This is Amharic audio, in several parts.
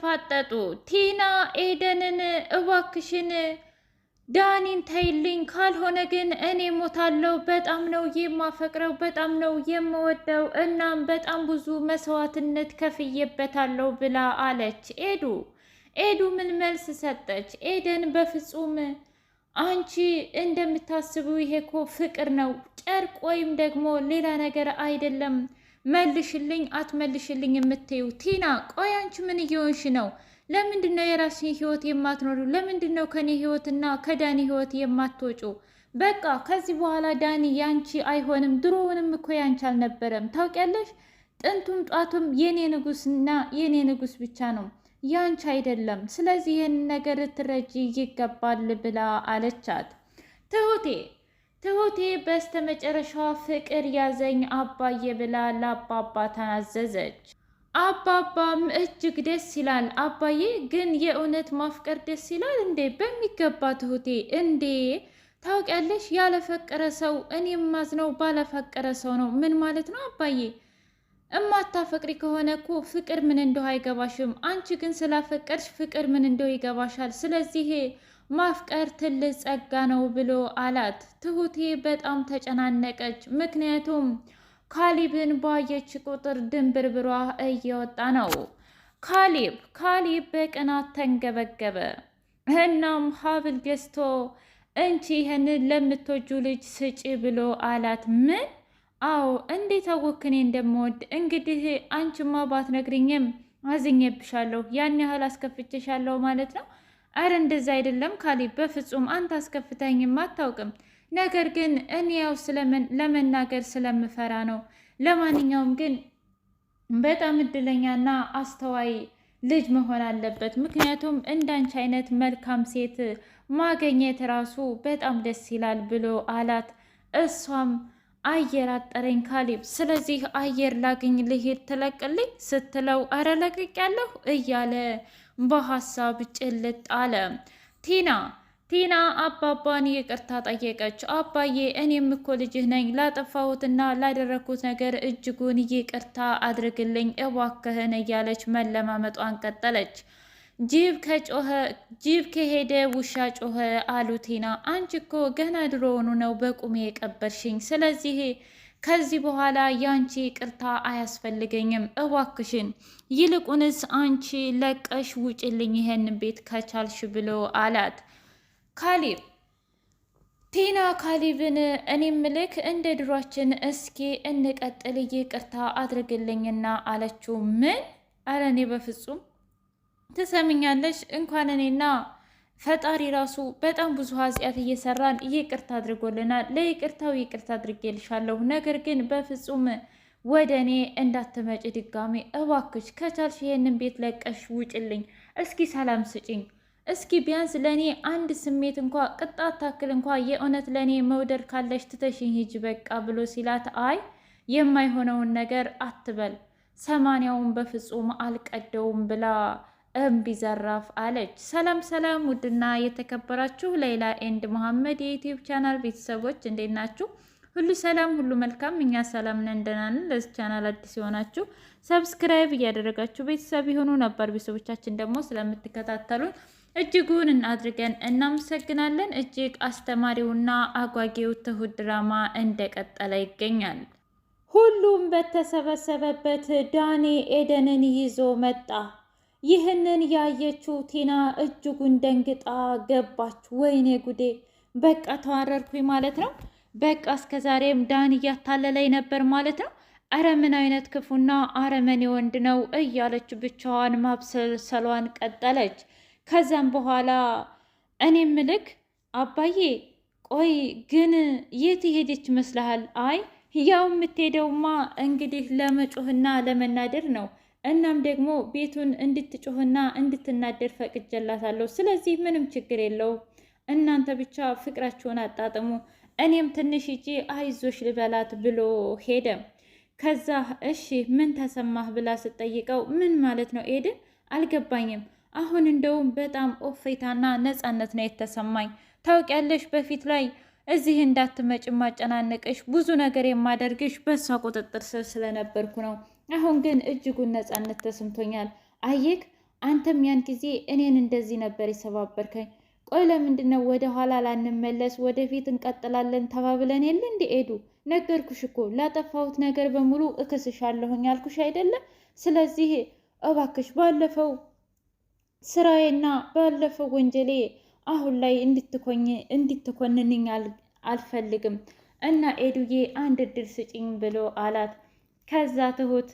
ተፋጠጡ። ቲና ኤደንን እባክሽን ዳኒን ተይልኝ፣ ካልሆነ ግን እኔ ሞታለሁ። በጣም ነው የማፈቅረው፣ በጣም ነው የምወደው። እናም በጣም ብዙ መስዋዕትነት ከፍዬበታለሁ ብላ አለች ኤዱ። ኤዱ ምን መልስ ሰጠች? ኤደን በፍጹም አንቺ እንደምታስቡ ይሄ እኮ ፍቅር ነው፣ ጨርቅ ወይም ደግሞ ሌላ ነገር አይደለም መልሽልኝ አትመልሽልኝ የምትዩ ቲና፣ ቆይ አንቺ ምን እየሆንሽ ነው? ለምንድን ነው የራስሽን ህይወት የማትኖሪው? ለምንድን ነው ከኔ ህይወትና ከዳኒ ህይወት የማትወጩ? በቃ ከዚህ በኋላ ዳኒ ያንቺ አይሆንም። ድሮውንም እኮ ያንቺ አልነበረም ታውቂያለሽ። ጥንቱም ጧቱም የኔ ንጉስና የኔ ንጉስ ብቻ ነው ያንቺ አይደለም። ስለዚህ ይህን ነገር ልትረጂ ይገባል ብላ አለቻት ትሁቴ ትሁቴ በስተመጨረሻዋ ፍቅር ያዘኝ አባዬ ብላ ለአባባ ተናዘዘች። አባባም እጅግ ደስ ይላል አባዬ፣ ግን የእውነት ማፍቀር ደስ ይላል እንዴ? በሚገባ ትሁቴ። እንዴ ታውቂያለሽ፣ ያለፈቀረ ሰው እኔ የማዝነው ባለፈቀረ ሰው ነው። ምን ማለት ነው አባዬ? እማታፈቅሪ ከሆነ እኮ ፍቅር ምን እንደው አይገባሽም። አንቺ ግን ስላፈቀርሽ ፍቅር ምን እንደው ይገባሻል። ስለዚህ ማፍቀር ትልቅ ጸጋ ነው ብሎ አላት። ትሁቴ በጣም ተጨናነቀች። ምክንያቱም ካሊብን ባየች ቁጥር ድንብርብሯ እየወጣ ነው። ካሊብ ካሊብ በቅናት ተንገበገበ። እናም ሀብል ገዝቶ እንቺ ይህንን ለምትወጁ ልጅ ስጪ ብሎ አላት። ምን? አዎ፣ እንዴት አወክ እኔ እንደምወድ? እንግዲህ አንቺማ ባትነግሪኝም አዝኜብሻለሁ፣ ያን ያህል አስከፍቼሻለሁ ማለት ነው አረ እንደዛ አይደለም ካሊ በፍጹም አንተ አስከፍተኝም አታውቅም። ነገር ግን እኔ ያው ለመናገር ስለምፈራ ነው። ለማንኛውም ግን በጣም እድለኛና አስተዋይ ልጅ መሆን አለበት። ምክንያቱም እንዳንቺ አይነት መልካም ሴት ማገኘት ራሱ በጣም ደስ ይላል ብሎ አላት። እሷም አየር አጠረኝ ካሊብ ስለዚህ አየር ላግኝ ልሄድ ትለቅልኝ ስትለው አረ ያለሁ እያለ በሀሳብ ጭልጥ አለ። ቲና ቲና አባባን ይቅርታ ጠየቀች። አባዬ እኔም እኮ ልጅህ ነኝ ላጠፋሁትና ላደረግኩት ነገር እጅጉን ይቅርታ አድርግልኝ እባክህን እያለች መለማመጧን ቀጠለች። ጅብ ከጮኸ ጅብ ከሄደ ውሻ ጮኸ አሉ ቲና። አንቺ እኮ ገና ድሮውኑ ነው በቁሜ የቀበርሽኝ ስለዚህ ከዚህ በኋላ ያንቺ ቅርታ አያስፈልገኝም፣ እባክሽን ይልቁንስ አንቺ ለቀሽ ውጭልኝ ይሄን ቤት ከቻልሽ ብሎ አላት ካሌብ። ቲና ካሌብን እኔም ምልክ እንደ ድሯችን እስኪ እንቀጥል፣ ይቅርታ አድርግልኝና አለችው። ምን? ኧረ እኔ በፍጹም ትሰምኛለሽ እንኳን እኔና ፈጣሪ ራሱ በጣም ብዙ ኃጢአት እየሰራን ይቅርታ አድርጎልናል። ለይቅርታው ይቅርታ አድርጌልሻለሁ፣ ነገር ግን በፍጹም ወደ እኔ እንዳትመጪ ድጋሜ እባክሽ፣ ከቻልሽ ይህንን ቤት ለቀሽ ውጭልኝ። እስኪ ሰላም ስጭኝ። እስኪ ቢያንስ ለእኔ አንድ ስሜት እንኳ ቅጣት ታክል እንኳ የእውነት ለእኔ መውደድ ካለሽ ትተሽኝ ሂጅ በቃ ብሎ ሲላት፣ አይ የማይሆነውን ነገር አትበል፣ ሰማንያውን በፍጹም አልቀደውም ብላ እምቢ ዘራፍ አለች። ሰላም ሰላም! ውድና የተከበራችሁ ሌላ ኤንድ መሐመድ የዩቲዩብ ቻናል ቤተሰቦች እንዴት ናችሁ? ሁሉ ሰላም፣ ሁሉ መልካም። እኛ ሰላም ነን፣ ደህና ነን። ለዚህ ቻናል አዲስ የሆናችሁ ሰብስክራይብ እያደረጋችሁ ቤተሰብ የሆኑ ነበር ቤተሰቦቻችን ደግሞ ስለምትከታተሉን እጅጉን አድርገን እናመሰግናለን። እጅግ አስተማሪውና አጓጌው ትሁት ድራማ እንደቀጠለ ይገኛል። ሁሉም በተሰበሰበበት ዳኔ ኤደንን ይዞ መጣ። ይህንን ያየችው ቲና እጅጉን ደንግጣ ገባች። ወይኔ ጉዴ! በቃ ተዋረርኩኝ ማለት ነው። በቃ እስከ ዛሬም ዳን እያታለለኝ ነበር ማለት ነው። አረ ምን አይነት ክፉና አረመኔ ወንድ ነው እያለች ብቻዋን ማብሰልሰሏን ቀጠለች። ከዛም በኋላ እኔም ልክ አባዬ ቆይ ግን የት ሄደች ይመስልሃል? አይ ያው የምትሄደውማ እንግዲህ ለመጮህና ለመናደር ነው እናም ደግሞ ቤቱን እንድትጮህና እንድትናደድ ፈቅጄላታለሁ። ስለዚህ ምንም ችግር የለው። እናንተ ብቻ ፍቅራችሁን አጣጥሙ። እኔም ትንሽ ሂጂ አይዞሽ ልበላት ብሎ ሄደ። ከዛ እሺ ምን ተሰማህ ብላ ስትጠይቀው ምን ማለት ነው ኤድን አልገባኝም። አሁን እንደውም በጣም ኦፌታና ነፃነት ነው የተሰማኝ። ታውቂያለሽ በፊት ላይ እዚህ እንዳትመጭ ማጨናነቅሽ ብዙ ነገር የማደርግሽ በእሷ ቁጥጥር ስር ስለነበርኩ ነው አሁን ግን እጅጉን ነፃነት ተሰምቶኛል። አየክ አንተም ያን ጊዜ እኔን እንደዚህ ነበር የሰባበርከኝ። ቆይ ለምንድን ነው ወደ ኋላ ላንመለስ፣ ወደፊት እንቀጥላለን ተባብለን የለ እንዴ? ኤዱ ነገርኩሽ እኮ ላጠፋሁት ነገር በሙሉ እክስሻለሁኝ ያልኩሽ አይደለም? ስለዚህ እባክሽ ባለፈው ስራዬና ባለፈው ወንጀሌ አሁን ላይ እንድትኮንንኝ አልፈልግም እና ኤዱዬ አንድ እድል ስጭኝ ብሎ አላት። ከዛ ትሁት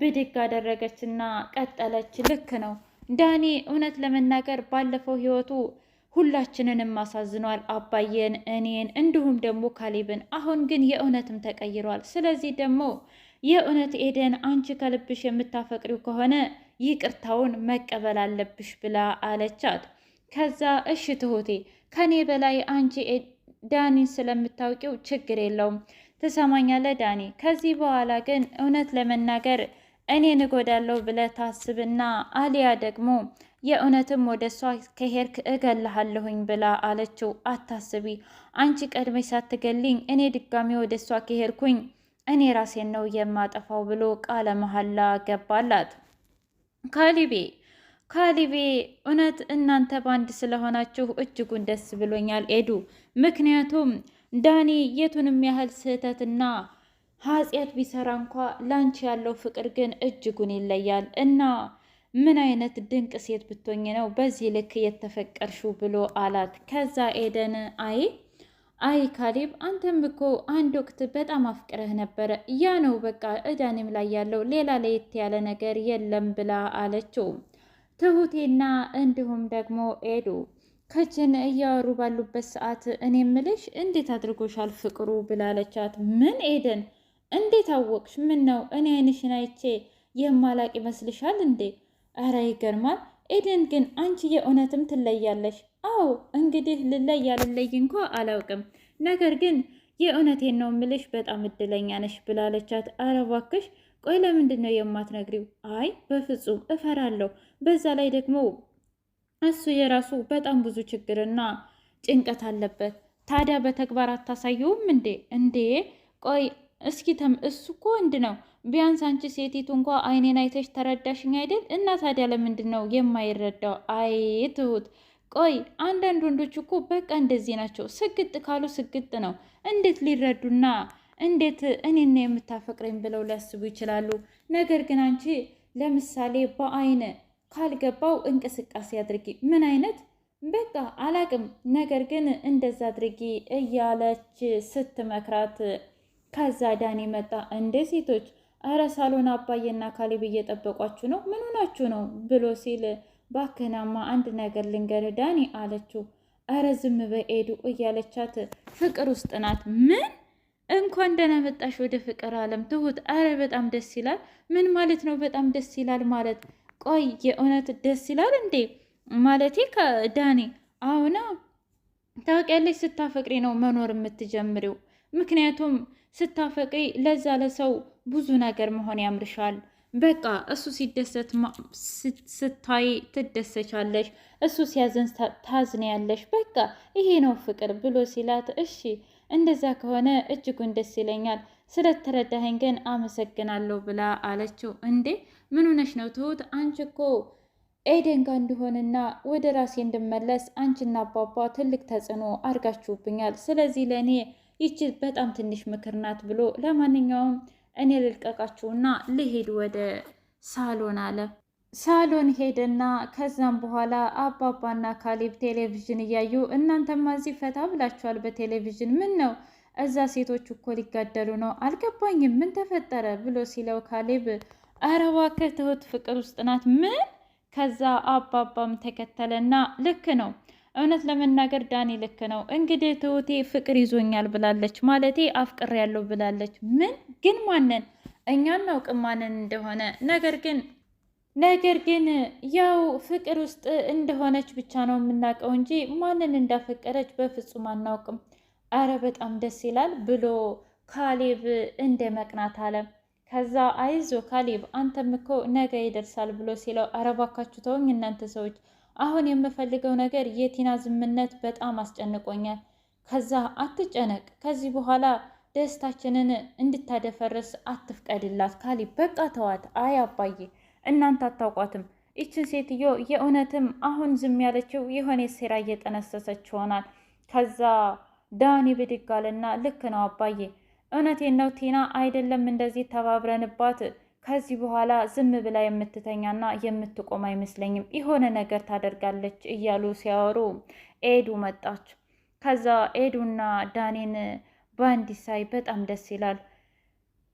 ብድግ አደረገችና ቀጠለች። ልክ ነው ዳኒ፣ እውነት ለመናገር ባለፈው ህይወቱ ሁላችንንም አሳዝኗል። አባዬን፣ እኔን፣ እንዲሁም ደግሞ ካሌብን። አሁን ግን የእውነትም ተቀይሯል። ስለዚህ ደግሞ የእውነት ኤደን አንቺ ከልብሽ የምታፈቅሪው ከሆነ ይቅርታውን መቀበል አለብሽ ብላ አለቻት። ከዛ እሽ ትሁቴ ከኔ በላይ አንቺ ዳኒን ስለምታውቂው ችግር የለውም። ትሰማኛለህ ዳኒ? ከዚህ በኋላ ግን እውነት ለመናገር እኔን እጎዳለሁ ብለህ ታስብና አሊያ ደግሞ የእውነትም ወደ እሷ ከሄድክ እገልሃለሁኝ ብላ አለችው። አታስቢ፣ አንቺ ቀድሜ ሳትገልኝ እኔ ድጋሚ ወደ እሷ ከሄድኩኝ እኔ ራሴን ነው የማጠፋው ብሎ ቃለ መሐላ ገባላት ካሊቤ ካሊቤ እውነት እናንተ ባንድ ስለሆናችሁ እጅጉን ደስ ብሎኛል ኤዱ። ምክንያቱም ዳኒ የቱንም ያህል ስህተትና ኃጢአት ቢሰራ እንኳ ላንቺ ያለው ፍቅር ግን እጅጉን ይለያል እና ምን አይነት ድንቅ ሴት ብትሆኝ ነው በዚህ ልክ የተፈቀርሽው ብሎ አላት። ከዛ ኤደን አይ አይ ካሊብ፣ አንተም እኮ አንድ ወቅት በጣም አፍቅረህ ነበረ። ያ ነው በቃ እዳኔም ላይ ያለው ሌላ ለየት ያለ ነገር የለም ብላ አለችው። ትሁቴና እንዲሁም ደግሞ ኤዱ ከችን እያወሩ ባሉበት ሰዓት እኔ ምልሽ እንዴት አድርጎሻል ፍቅሩ ብላለቻት። ምን ኤደን እንዴት አወቅሽ? ምን ነው እኔ አይንሽን አይቼ የማላቅ ይመስልሻል እንዴ? እረ ይገርማል። ኤደን ግን አንቺ የእውነትም ትለያለሽ። አዎ እንግዲህ ልለይ አልለይ እንኳ አላውቅም ነገር ግን የእውነቴን ነው ምልሽ በጣም እድለኛ ነሽ ብላለቻት። አረ እባክሽ ቆይ ለምንድን ነው የማትነግሪው? አይ በፍጹም እፈራለሁ። በዛ ላይ ደግሞ እሱ የራሱ በጣም ብዙ ችግርና ጭንቀት አለበት። ታዲያ በተግባር አታሳየውም እንዴ? እንዴ ቆይ እስኪ ተም እሱ እኮ ወንድ ነው። ቢያንስ አንቺ ሴቲቱ እንኳ አይኔን አይተሽ ተረዳሽኝ አይደል? እና ታዲያ ለምንድን ነው የማይረዳው? አይ ትሁት ቆይ አንዳንድ ወንዶች እኮ በቃ እንደዚህ ናቸው። ስግጥ ካሉ ስግጥ ነው። እንዴት ሊረዱና እንዴት እኔና የምታፈቅረኝ ብለው ሊያስቡ ይችላሉ። ነገር ግን አንቺ ለምሳሌ በአይን ካልገባው እንቅስቃሴ አድርጊ። ምን አይነት በቃ አላቅም። ነገር ግን እንደዛ አድርጊ እያለች ስትመክራት፣ ከዛ ዳኒ መጣ። እንደ ሴቶች እረ ሳሎን አባዬና ካሌብ እየጠበቋችሁ ነው፣ ምን ሆናችሁ ነው ብሎ ሲል ባክናማ አንድ ነገር ልንገር ዳኒ አለችው። እረ ዝም በኤዱ እያለቻት ፍቅር ውስጥ ናት። ምን እንኳን ደህና መጣሽ ወደ ፍቅር አለም ትሁት። አረ በጣም ደስ ይላል። ምን ማለት ነው በጣም ደስ ይላል ማለት? ቆይ የእውነት ደስ ይላል እንዴ? ማለቴ ከዳኒ አሁና ታውቂያለሽ፣ ስታፈቅሪ ነው መኖር የምትጀምሪው። ምክንያቱም ስታፈቅሪ ለዛ ለሰው ብዙ ነገር መሆን ያምርሻል። በቃ እሱ ሲደሰት ስታይ ትደሰቻለሽ፣ እሱ ሲያዘን ታዝኛለሽ። በቃ ይሄ ነው ፍቅር ብሎ ሲላት፣ እሺ እንደዛ ከሆነ እጅጉን ደስ ይለኛል፣ ስለተረዳኸኝ ግን አመሰግናለሁ ብላ አለችው። እንዴ ምን ሆነሽ ነው ትሁት? አንቺ እኮ ኤደን እንዲሆንና እንድሆንና ወደ ራሴ እንድመለስ አንቺና አባባ ትልቅ ተጽዕኖ አድርጋችሁብኛል። ስለዚህ ለእኔ ይቺ በጣም ትንሽ ምክር ናት ብሎ ለማንኛውም እኔ ልልቀቃችሁና ልሄድ ወደ ሳሎን አለ። ሳሎን ሄደና ከዛም በኋላ አባባና ካሌብ ቴሌቪዥን እያዩ እናንተማ እዚህ ፈታ ብላችኋል በቴሌቪዥን ምን ነው እዛ ሴቶች እኮ ሊጋደሉ ነው አልገባኝም ምን ተፈጠረ ብሎ ሲለው ካሌብ አረባ ከትሁት ፍቅር ውስጥ ናት ምን ከዛ አባባም ተከተለና ልክ ነው እውነት ለመናገር ዳኒ ልክ ነው እንግዲህ ትሁቴ ፍቅር ይዞኛል ብላለች ማለቴ አፍቅሬያለሁ ብላለች ምን ግን ማንን እኛ እናውቅም ማንን እንደሆነ ነገር ግን ነገር ግን ያው ፍቅር ውስጥ እንደሆነች ብቻ ነው የምናውቀው እንጂ ማንን እንዳፈቀረች በፍጹም አናውቅም። አረ በጣም ደስ ይላል ብሎ ካሌብ እንደ መቅናት አለ። ከዛ አይዞ ካሌብ አንተም እኮ ነገ ይደርሳል ብሎ ሲለው አረ ባካችሁ ተውኝ እናንተ ሰዎች፣ አሁን የምፈልገው ነገር የቲና ዝምነት በጣም አስጨንቆኛል። ከዛ አትጨነቅ ከዚህ በኋላ ደስታችንን እንድታደፈርስ አትፍቀድላት። ካሊ በቃ ተዋት። አይ አባዬ እናንተ አታውቋትም። ይችን ሴትዮ የእውነትም አሁን ዝም ያለችው የሆነ ሴራ እየጠነሰሰች ይሆናል። ከዛ ዳኒ ብድጋልና ልክ ነው አባዬ፣ እውነቴን ነው ቲና፣ አይደለም እንደዚህ ተባብረንባት ከዚህ በኋላ ዝም ብላ የምትተኛና የምትቆም አይመስለኝም፣ የሆነ ነገር ታደርጋለች እያሉ ሲያወሩ ኤዱ መጣች። ከዛ ኤዱና ዳኒን በአንድ ሳይ በጣም ደስ ይላል።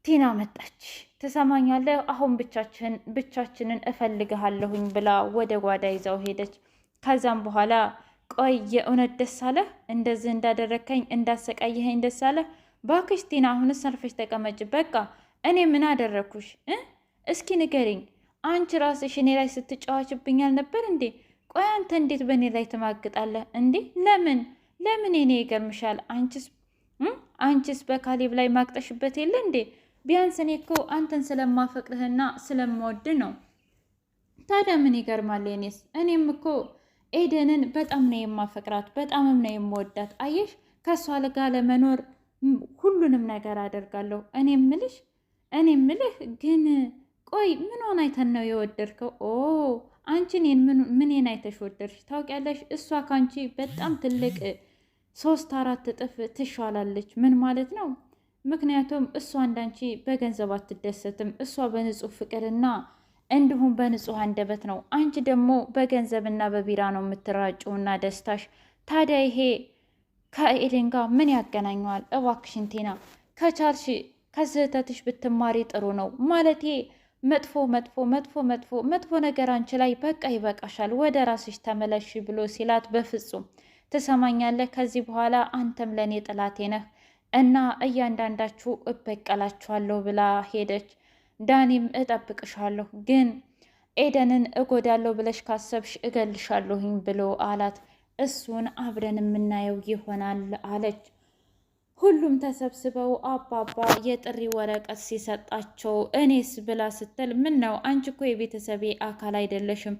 ቲና መጣች። ትሰማኛለህ? አሁን ብቻችን ብቻችንን እፈልግሃለሁኝ ብላ ወደ ጓዳ ይዘው ሄደች። ከዛም በኋላ ቆይ የእውነት ደስ አለህ? እንደዚህ እንዳደረከኝ እንዳሰቃየኸኝ ደስ አለህ? ባክሽ ቲና፣ አሁንስ ሰርፈሽ ተቀመጭ። በቃ እኔ ምን አደረግኩሽ? እስኪ ንገሪኝ። አንቺ ራስሽ እኔ ላይ ስትጫዋችብኝ አልነበር እንዴ? ቆይ አንተ እንዴት በእኔ ላይ ትማግጣለህ እንዴ? ለምን ለምን? እኔ ይገርምሻል አንቺስ አንቺስ በካሌብ ላይ ማቅጠሽበት የለ እንዴ? ቢያንስ እኔ እኮ አንተን ስለማፈቅርህና ስለምወድ ነው። ታዲያ ምን ይገርማል? የኔስ እኔም እኮ ኤደንን በጣም ነው የማፈቅራት፣ በጣምም ነው የምወዳት። አየሽ ከእሷ ልጋ ለመኖር ሁሉንም ነገር አደርጋለሁ። እኔ ምልሽ እኔ ምልህ ግን ቆይ ምንሆን አይተን ነው የወደድከው? ኦ አንቺ እኔን ምኔን አይተሽ ወደድሽ? ታውቂያለሽ እሷ ካንቺ በጣም ትልቅ ሶስት አራት እጥፍ ትሻላለች። ምን ማለት ነው? ምክንያቱም እሷ እንዳንቺ በገንዘብ አትደሰትም። እሷ በንጹህ ፍቅርና እንዲሁም በንጹህ አንደበት ነው። አንቺ ደግሞ በገንዘብና በቢራ ነው የምትራጭውና ደስታሽ። ታዲያ ይሄ ከኤሌን ጋር ምን ያገናኘዋል? እባክሽን ቲና ከቻልሽ ከስህተትሽ ብትማሪ ጥሩ ነው። ማለቴ መጥፎ መጥፎ መጥፎ መጥፎ መጥፎ ነገር አንቺ ላይ በቃ ይበቃሻል፣ ወደ ራስሽ ተመለሽ ብሎ ሲላት በፍጹም ትሰማኛለህ? ከዚህ በኋላ አንተም ለእኔ ጥላቴ ነህ እና እያንዳንዳችሁ እበቀላችኋለሁ ብላ ሄደች። ዳኒም እጠብቅሻለሁ፣ ግን ኤደንን እጎዳለሁ ብለሽ ካሰብሽ እገልሻለሁኝ ብሎ አላት። እሱን አብረን የምናየው ይሆናል አለች። ሁሉም ተሰብስበው አባባ የጥሪ ወረቀት ሲሰጣቸው እኔስ ብላ ስትል ምን ነው አንቺ እኮ የቤተሰቤ አካል አይደለሽም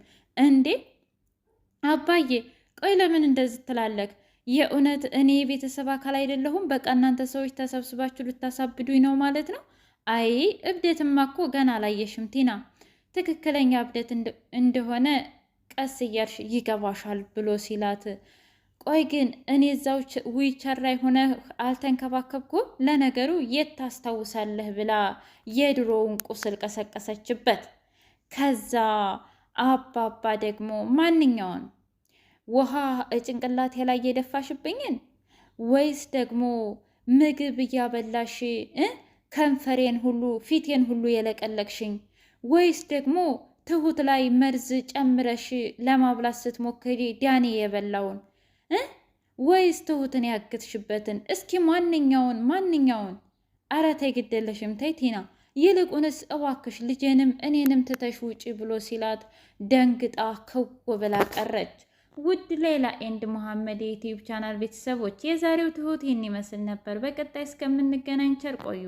እንዴ አባዬ ቆይ ለምን እንደዚህ ትላለክ? የእውነት እኔ የቤተሰብ አካል አይደለሁም? በቃ እናንተ ሰዎች ተሰብስባችሁ ልታሳብዱኝ ነው ማለት ነው? አይ እብደትማ እኮ ገና አላየሽም ቲና። ትክክለኛ እብደት እንደሆነ ቀስ እያልሽ ይገባሻል ብሎ ሲላት፣ ቆይ ግን እኔ እዛው ዊልቸር ላይ ሆነ አልተንከባከብኩ? ለነገሩ የት ታስታውሳለህ? ብላ የድሮውን ቁስል ቀሰቀሰችበት። ከዛ አባባ ደግሞ ማንኛውን ውሃ ጭንቅላቴ ላይ የደፋሽብኝን ወይስ ደግሞ ምግብ እያበላሽ ከንፈሬን ሁሉ ፊቴን ሁሉ የለቀለቅሽኝ ወይስ ደግሞ ትሁት ላይ መርዝ ጨምረሽ ለማብላት ስትሞክሪ ዳኔ የበላውን ወይስ ትሁትን ያግትሽበትን? እስኪ ማንኛውን ማንኛውን? አረ ተይ ግደለሽም ተይ ቲና፣ ይልቁንስ እባክሽ ልጄንም እኔንም ትተሽ ውጪ ብሎ ሲላት ደንግጣ ክው ብላ ቀረች። ውድ ሌላ ኤንድ መሐመድ የዩቲዩብ ቻናል ቤተሰቦች የዛሬው ትሁት ይህን ይመስል ነበር። በቀጣይ እስከምንገናኝ ቸር ቆዩ።